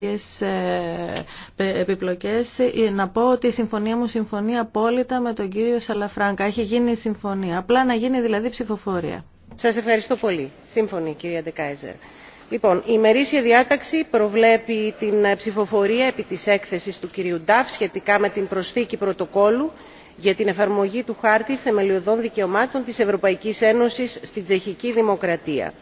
Ε, επιπλοκές ε, να πω ότι η συμφωνία μου συμφωνεί απόλυτα με τον κύριο Σαλαφράγκα έχει γίνει συμφωνία, απλά να γίνει δηλαδή ψηφοφορία Σας ευχαριστώ πολύ Σύμφωνη κυρία Ντεκάιζερ Λοιπόν, η μερίσια διάταξη προβλέπει την ε, ψηφοφορία επί της έκθεσης του κυρίου Νταφ σχετικά με την προσθήκη πρωτοκόλου για την εφαρμογή του χάρτη θεμελιωδών δικαιωμάτων της Ευρωπαϊκής Ένωσης στην Τσεχική Δημοκρατία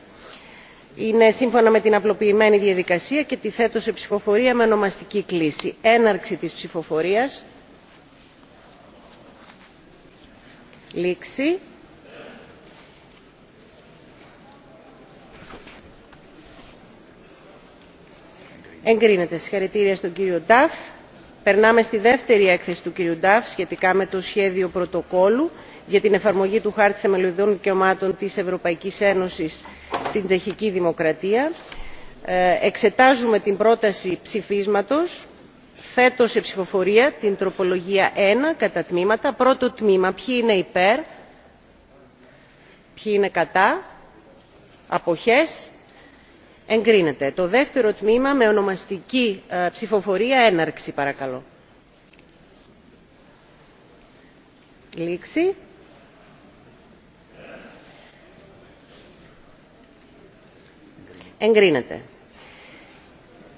είναι σύμφωνα με την απλοποιημένη διαδικασία και τη θέτω σε ψηφοφορία με ονομαστική κλίση. Έναρξη της ψηφοφορίας. Λήξη. Εγκρίνεται. Συγχαρητήρια στον κύριο Νταφ. Περνάμε στη δεύτερη έκθεση του κύριου Νταφ σχετικά με το σχέδιο πρωτοκόλλου για την εφαρμογή του χάρτη θεμελιωδών δικαιωμάτων της ευρωπαϊκής ένωσης στην τσεχική δημοκρατία ε, εξετάζουμε την πρόταση ψηφίσματος θέτω σε ψηφοφορία την τροπολογία 1 κατά τμήματα πρώτο τμήμα ποιοι είναι υπέρ ποιοι είναι κατά αποχές εγκρίνεται το δεύτερο τμήμα με ονομαστική ε, ψηφοφορία έναρξη παρακαλώ λήξη εγκρίνεται.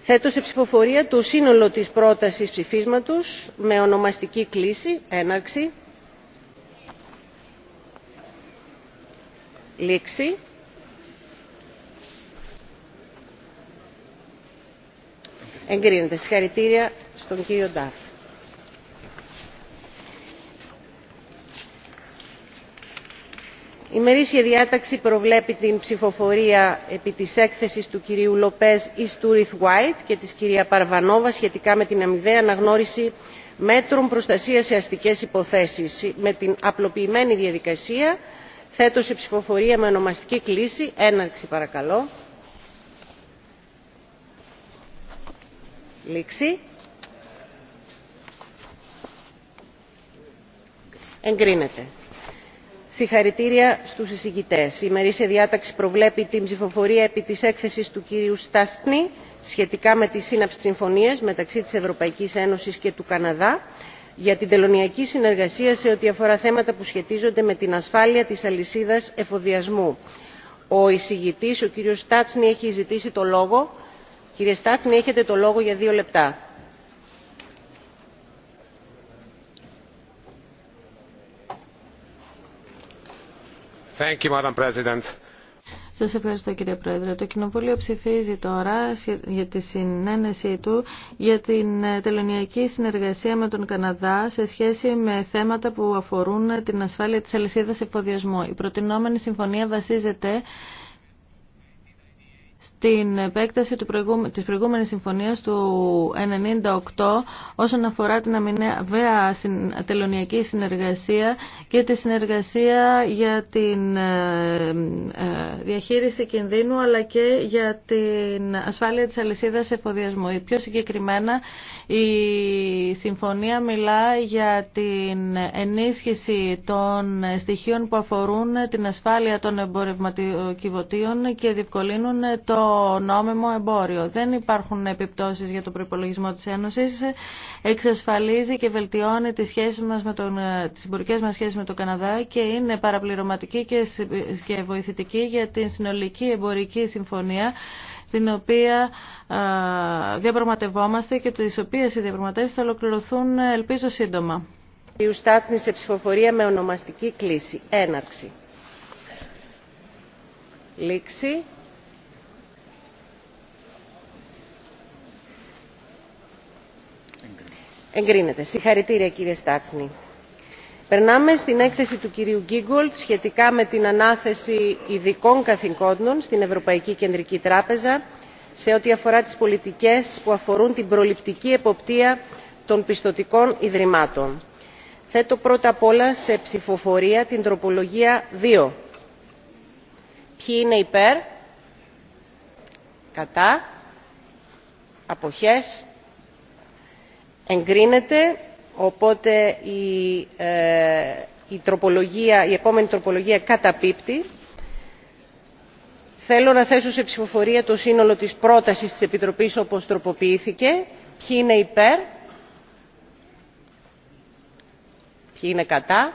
θέτω σε ψηφοφορία το σύνολο της πρότασης ψηφίσματος με ονομαστική κλίση έναρξη λήξη εγκρίνεται. συγχαρητήρια στον κύριο νταφ. η μερίσια διάταξη προβλέπει την ψηφοφορία επί της έκθεσης του κυρίου λοπez Ιστουριθ white και της κυρία παρβανόβα σχετικά με την αμοιβαία αναγνώριση μέτρων προστασίας σε αστικές υποθέσεις. με την απλοποιημένη διαδικασία θέτω σε ψηφοφορία με ονομαστική κλίση έναρξη παρακαλώ. λήξη. εγκρίνεται συγχαρητήρια στους εισηγητές. η ημερήσια διάταξη προβλέπει την ψηφοφορία επί της έκθεσης του κυρίου Στάσνη σχετικά με τη σύναψη συμφωνίας μεταξύ της Ευρωπαϊκής Ένωσης και του Καναδά για την τελωνειακή συνεργασία σε ό,τι αφορά θέματα που σχετίζονται με την ασφάλεια της αλυσίδας εφοδιασμού. Ο εισηγητής, ο κύριος Στάσνη, έχει ζητήσει το λόγο. Κύριε Στάσνη έχετε το λόγο για δύο λεπτά. Thank Σας ευχαριστώ κύριε Πρόεδρε. Το Κοινοβούλιο ψηφίζει τώρα για τη συνένεσή του για την ε, τελωνιακή συνεργασία με τον Καναδά σε σχέση με θέματα που αφορούν την ασφάλεια της αλυσίδας εφοδιασμού. Η προτινόμενη συμφωνία βασίζεται στην επέκταση του προηγούμε, της προηγούμενης συμφωνίας του 1998 όσον αφορά την αμοιβαία τελωνιακή συνεργασία και τη συνεργασία για την ε, ε, διαχείριση κινδύνου αλλά και για την ασφάλεια της αλυσίδας εφοδιασμού. Πιο συγκεκριμένα η συμφωνία μιλά για την ενίσχυση των στοιχείων που αφορούν την ασφάλεια των εμπορευματοκιβωτίων και διευκολύνουν το νόμιμο εμπόριο. Δεν υπάρχουν επιπτώσεις για το προπολογισμό της Ένωσης. Εξασφαλίζει και βελτιώνει τις, σχέσεις μας με τον, τις μας σχέσεις με τον Καναδά και είναι παραπληρωματική και, και βοηθητική για την συνολική εμπορική συμφωνία την οποία διαπραγματευόμαστε και τις οποίες οι διαπραγματεύσεις θα ολοκληρωθούν ελπίζω σύντομα. Η ψηφοφορία με ονομαστική κλίση. Έναρξη. Λήξη. Εγκρίνεται. Συγχαρητήρια κύριε Στάτσνη. Περνάμε στην έκθεση του κυρίου Γκίγκολτ σχετικά με την ανάθεση ειδικών καθηκόντων στην Ευρωπαϊκή Κεντρική Τράπεζα σε ό,τι αφορά τις πολιτικές που αφορούν την προληπτική εποπτεία των πιστωτικών ιδρυμάτων. Θέτω πρώτα απ' όλα σε ψηφοφορία την τροπολογία 2. Ποιοι είναι υπέρ, κατά, αποχές, εγκρίνεται οπότε ε, η, επόμενη τροπολογία καταπίπτει. Θέλω να θέσω σε ψηφοφορία το σύνολο της πρότασης της Επιτροπής όπως τροποποιήθηκε. Ποιοι είναι υπέρ, ποιοι είναι κατά,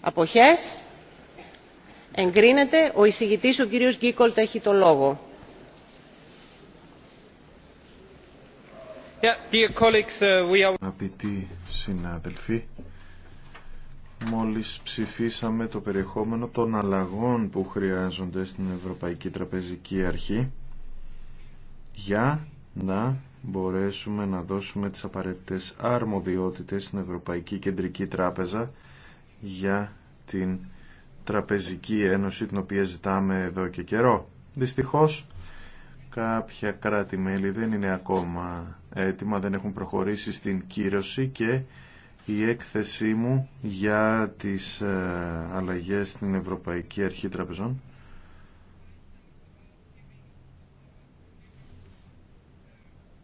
αποχές, εγκρίνεται. Ο εισηγητής, ο κύριος Γκίκολτ, έχει το λόγο. Uh, Αγαπητοί συνάδελφοι, μόλις ψηφίσαμε το περιεχόμενο των αλλαγών που χρειάζονται στην Ευρωπαϊκή Τραπεζική Αρχή για να μπορέσουμε να δώσουμε τις απαραίτητες αρμοδιότητες στην Ευρωπαϊκή Κεντρική Τράπεζα για την Τραπεζική Ένωση την οποία ζητάμε εδώ και καιρό. Δυστυχώς κάποια κράτη-μέλη δεν είναι ακόμα έτοιμα, δεν έχουν προχωρήσει στην κύρωση και η έκθεσή μου για τις ε, αλλαγές στην Ευρωπαϊκή Αρχή Τραπεζών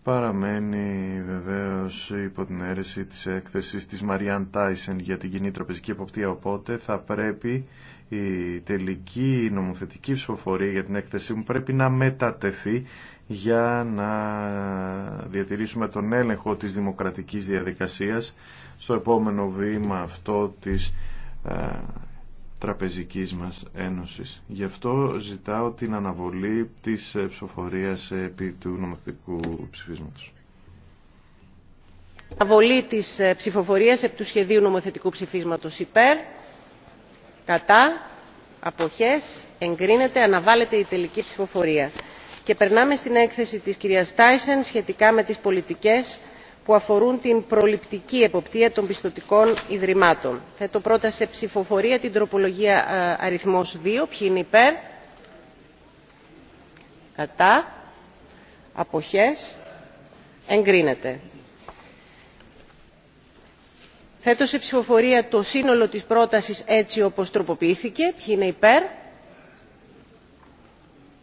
παραμένει βεβαίως υπό την αίρεση της έκθεσης της Μαριάν Τάισεν για την κοινή τραπεζική εποπτεία οπότε θα πρέπει η τελική νομοθετική ψηφοφορία για την έκθεσή μου πρέπει να μετατεθεί για να διατηρήσουμε τον έλεγχο της δημοκρατικής διαδικασίας στο επόμενο βήμα αυτό της ε, τραπεζικής μας ένωσης. Γι' αυτό ζητάω την αναβολή της ψηφοφορίας επί του νομοθετικού ψηφίσματος. Αναβολή της ε, ψηφοφορίας επί του σχεδίου νομοθετικού ψηφίσματος υπέρ, κατά, αποχές, εγκρίνεται, αναβάλλεται η τελική ψηφοφορία. Και περνάμε στην έκθεση της κυρίας Τάισεν σχετικά με τις πολιτικές που αφορούν την προληπτική εποπτεία των πιστωτικών ιδρυμάτων. Θέτω πρώτα σε ψηφοφορία την τροπολογία αριθμός 2. Ποιοι είναι υπέρ. Κατά. Αποχές. Εγκρίνεται. Θέτω σε ψηφοφορία το σύνολο της πρότασης έτσι όπως τροποποιήθηκε. Ποιοι είναι υπέρ.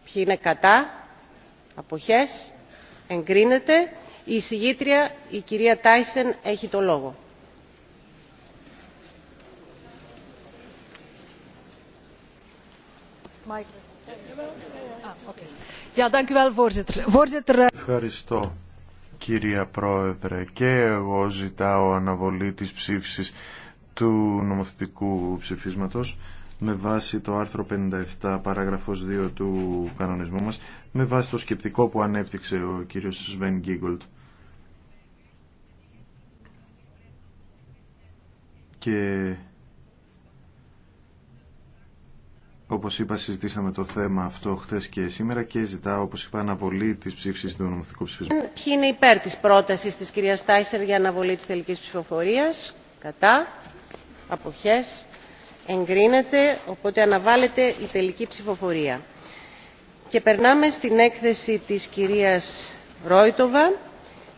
Ποιοι είναι κατά. Αποχές. Εγκρίνεται. Η εισηγήτρια, η κυρία Τάισεν, έχει το λόγο. Ε, Ευχαριστώ κυρία Πρόεδρε και εγώ ζητάω αναβολή της ψήφισης του νομοθετικού ψηφίσματος με βάση το άρθρο 57 παράγραφος 2 του κανονισμού μας με βάση το σκεπτικό που ανέπτυξε ο κύριος Σβέν Γκίγκολτ. Και όπως είπα συζητήσαμε το θέμα αυτό χτες και σήμερα και ζητάω όπως είπα αναβολή της ψήφισης του νομοθετικού ψηφισμού. Ποιοι είναι υπέρ της πρότασης της κυρίας Τάισερ για αναβολή της τελικής ψηφοφορίας. Κατά. Αποχές εγκρίνεται οπότε αναβάλλεται η τελική ψηφοφορία. Και περνάμε στην έκθεση της κυρίας Ρόιτοβα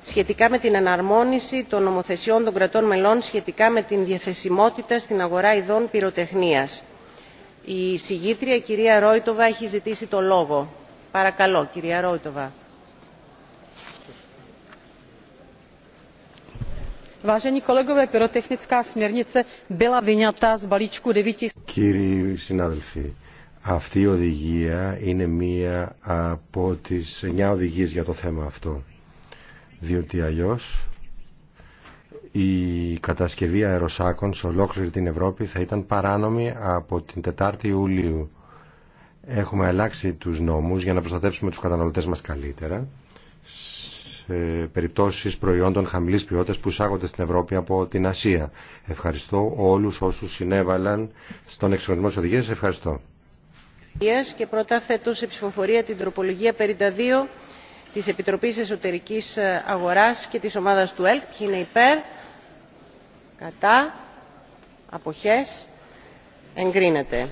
σχετικά με την εναρμόνιση των νομοθεσιών των κρατών μελών σχετικά με την διαθεσιμότητα στην αγορά ειδών πυροτεχνίας. Η συγγήτρια κυρία Ρόιτοβα έχει ζητήσει το λόγο. Παρακαλώ κυρία Ρόιτοβα. Vážení Κύριοι συνάδελφοι, αυτή η οδηγία είναι μία από τις εννιά οδηγίες για το θέμα αυτό. Διότι αλλιώς η κατασκευή αεροσάκων σε ολόκληρη την Ευρώπη θα ήταν παράνομη από την 4η Ιουλίου. Έχουμε αλλάξει τους νόμους για να προστατεύσουμε τους καταναλωτές μας καλύτερα. Ε, περιπτώσεις προϊόντων χαμηλής ποιότητας που εισάγονται στην Ευρώπη από την Ασία. Ευχαριστώ όλους όσους συνέβαλαν στον εξορισμό της οδηγίας. Ευχαριστώ. Και πρώτα θέτω σε ψηφοφορία την τροπολογία 52 της Επιτροπής Εσωτερικής Αγοράς και της ομάδας του ΕΛΚ. Ποιοι είναι υπέρ, κατά, αποχές, εγκρίνεται.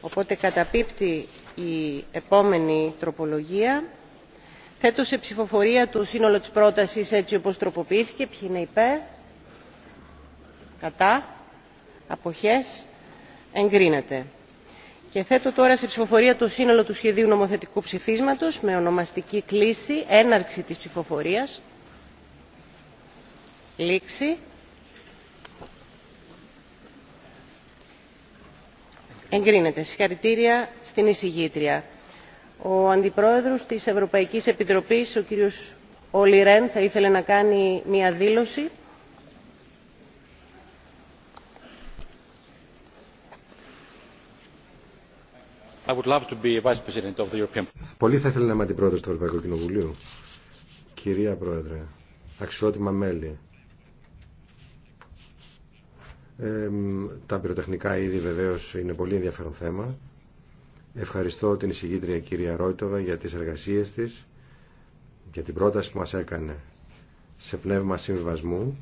Οπότε καταπίπτει η επόμενη τροπολογία Θέτω σε ψηφοφορία το σύνολο της πρότασης έτσι όπως τροποποιήθηκε. Ποιοι είναι υπέρ, κατά, αποχές, εγκρίνεται. Και θέτω τώρα σε ψηφοφορία το σύνολο του σχεδίου νομοθετικού ψηφίσματος με ονομαστική κλίση, έναρξη της ψηφοφορίας. Λήξη. Εγκρίνεται. Συγχαρητήρια στην εισηγήτρια ο αντιπρόεδρος της ευρωπαϊκής επιτροπής ο κύριος όλι θα ήθελε να κάνει μια δήλωση. Πολύ θα ήθελα να είμαι αντιπρόεδρος του Ευρωπαϊκού Κοινοβουλίου. Κυρία Πρόεδρε, αξιότιμα μέλη. τα πυροτεχνικά είδη βεβαίως είναι πολύ ενδιαφέρον θέμα. Ευχαριστώ την εισηγήτρια κυρία Ρόιτοβα για τις εργασίες της, για την πρόταση που μας έκανε σε πνεύμα συμβιβασμού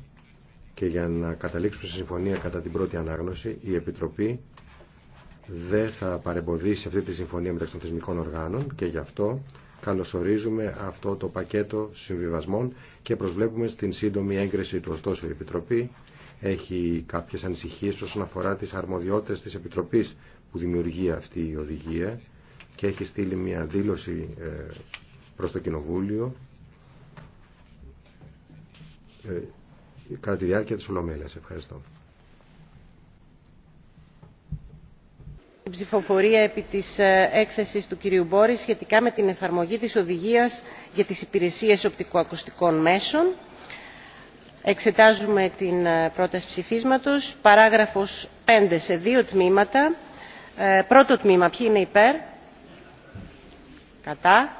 και για να καταλήξουμε σε συμφωνία κατά την πρώτη ανάγνωση, η Επιτροπή δεν θα παρεμποδίσει αυτή τη συμφωνία μεταξύ των θεσμικών οργάνων και γι' αυτό καλωσορίζουμε αυτό το πακέτο συμβιβασμών και προσβλέπουμε στην σύντομη έγκριση του. Ωστόσο, η Επιτροπή έχει κάποιες ανησυχίες όσον αφορά τις αρμοδιότητες της Επιτροπής που δημιουργεί αυτή η οδηγία και έχει στείλει μια δήλωση ε, προς το Κοινοβούλιο ε, κατά τη διάρκεια της Ολομέλειας. Ευχαριστώ. Η ψηφοφορία επί της ε, έκθεσης του κυρίου Μπόρη σχετικά με την εφαρμογή της οδηγίας για τις υπηρεσίες οπτικοακουστικών μέσων. Εξετάζουμε την πρόταση ψηφίσματος. Παράγραφος 5 σε δύο τμήματα ε, πρώτο τμήμα ποιοι είναι υπέρ κατά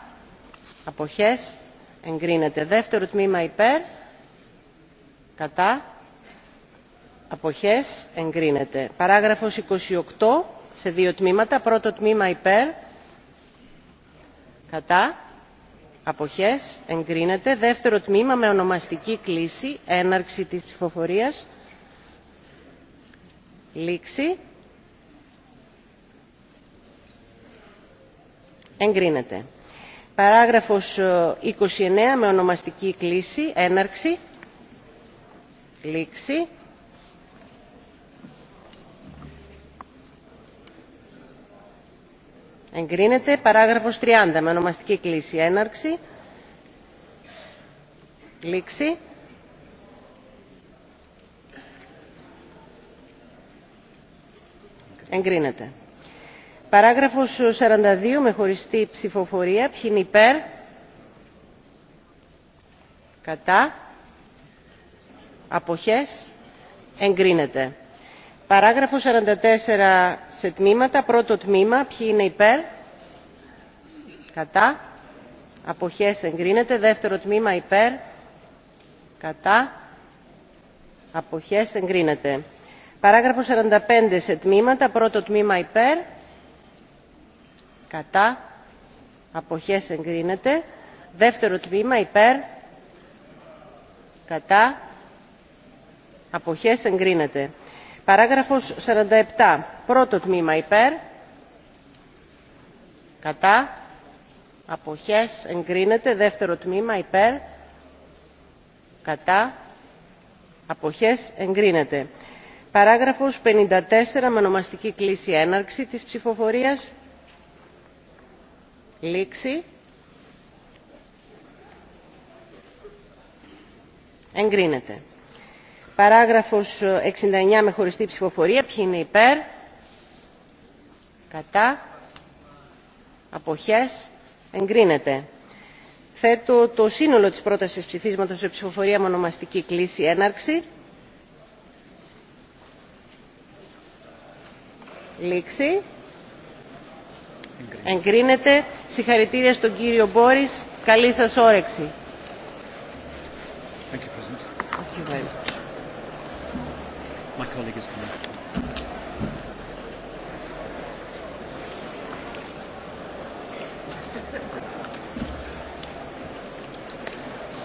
αποχές εγκρίνεται δεύτερο τμήμα υπέρ κατά αποχές εγκρίνεται παράγραφος 28 σε δύο τμήματα πρώτο τμήμα υπέρ κατά αποχές εγκρίνεται δεύτερο τμήμα με ονομαστική κλίση έναρξη της ψηφοφορίας λήξη Εγκρίνεται. Παράγραφος 29 ε, με ονομαστική κλίση, έναρξη, λήξη. Εγκρίνεται. Παράγραφος 30 με ονομαστική κλίση, έναρξη, λήξη. Εγκρίνεται. Παράγραφος 42 με χωριστή ψηφοφορία. Ποιοι είναι υπέρ. Κατά. Αποχές. Εγκρίνεται. Παράγραφος 44 σε τμήματα. Πρώτο τμήμα. Ποιοι είναι υπέρ. Κατά. Αποχές εγκρίνεται. Δεύτερο τμήμα υπέρ. Κατά. Αποχές εγκρίνεται. Παράγραφος 45 σε τμήματα. Πρώτο τμήμα υπέρ κατά αποχές εγκρίνεται δεύτερο τμήμα υπέρ κατά αποχές εγκρίνεται παράγραφος 47 πρώτο τμήμα υπέρ κατά αποχές εγκρίνεται δεύτερο τμήμα υπέρ κατά αποχές εγκρίνεται παράγραφος 54 με ονομαστική κλίση έναρξη της ψηφοφορίας Λήξη. Εγκρίνεται. Παράγραφος 69 με χωριστή ψηφοφορία. Ποιοι είναι υπέρ. Κατά. Αποχές. Εγκρίνεται. Θέτω το σύνολο της πρότασης ψηφίσματος σε ψηφοφορία με ονομαστική κλίση έναρξη. Λήξη. Εγκρίνεται Συγχαρητήρια στον κύριο Μπόρις. Καλή σας όρεξη.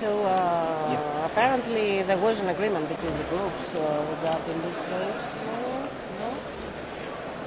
So uh, apparently there was an agreement between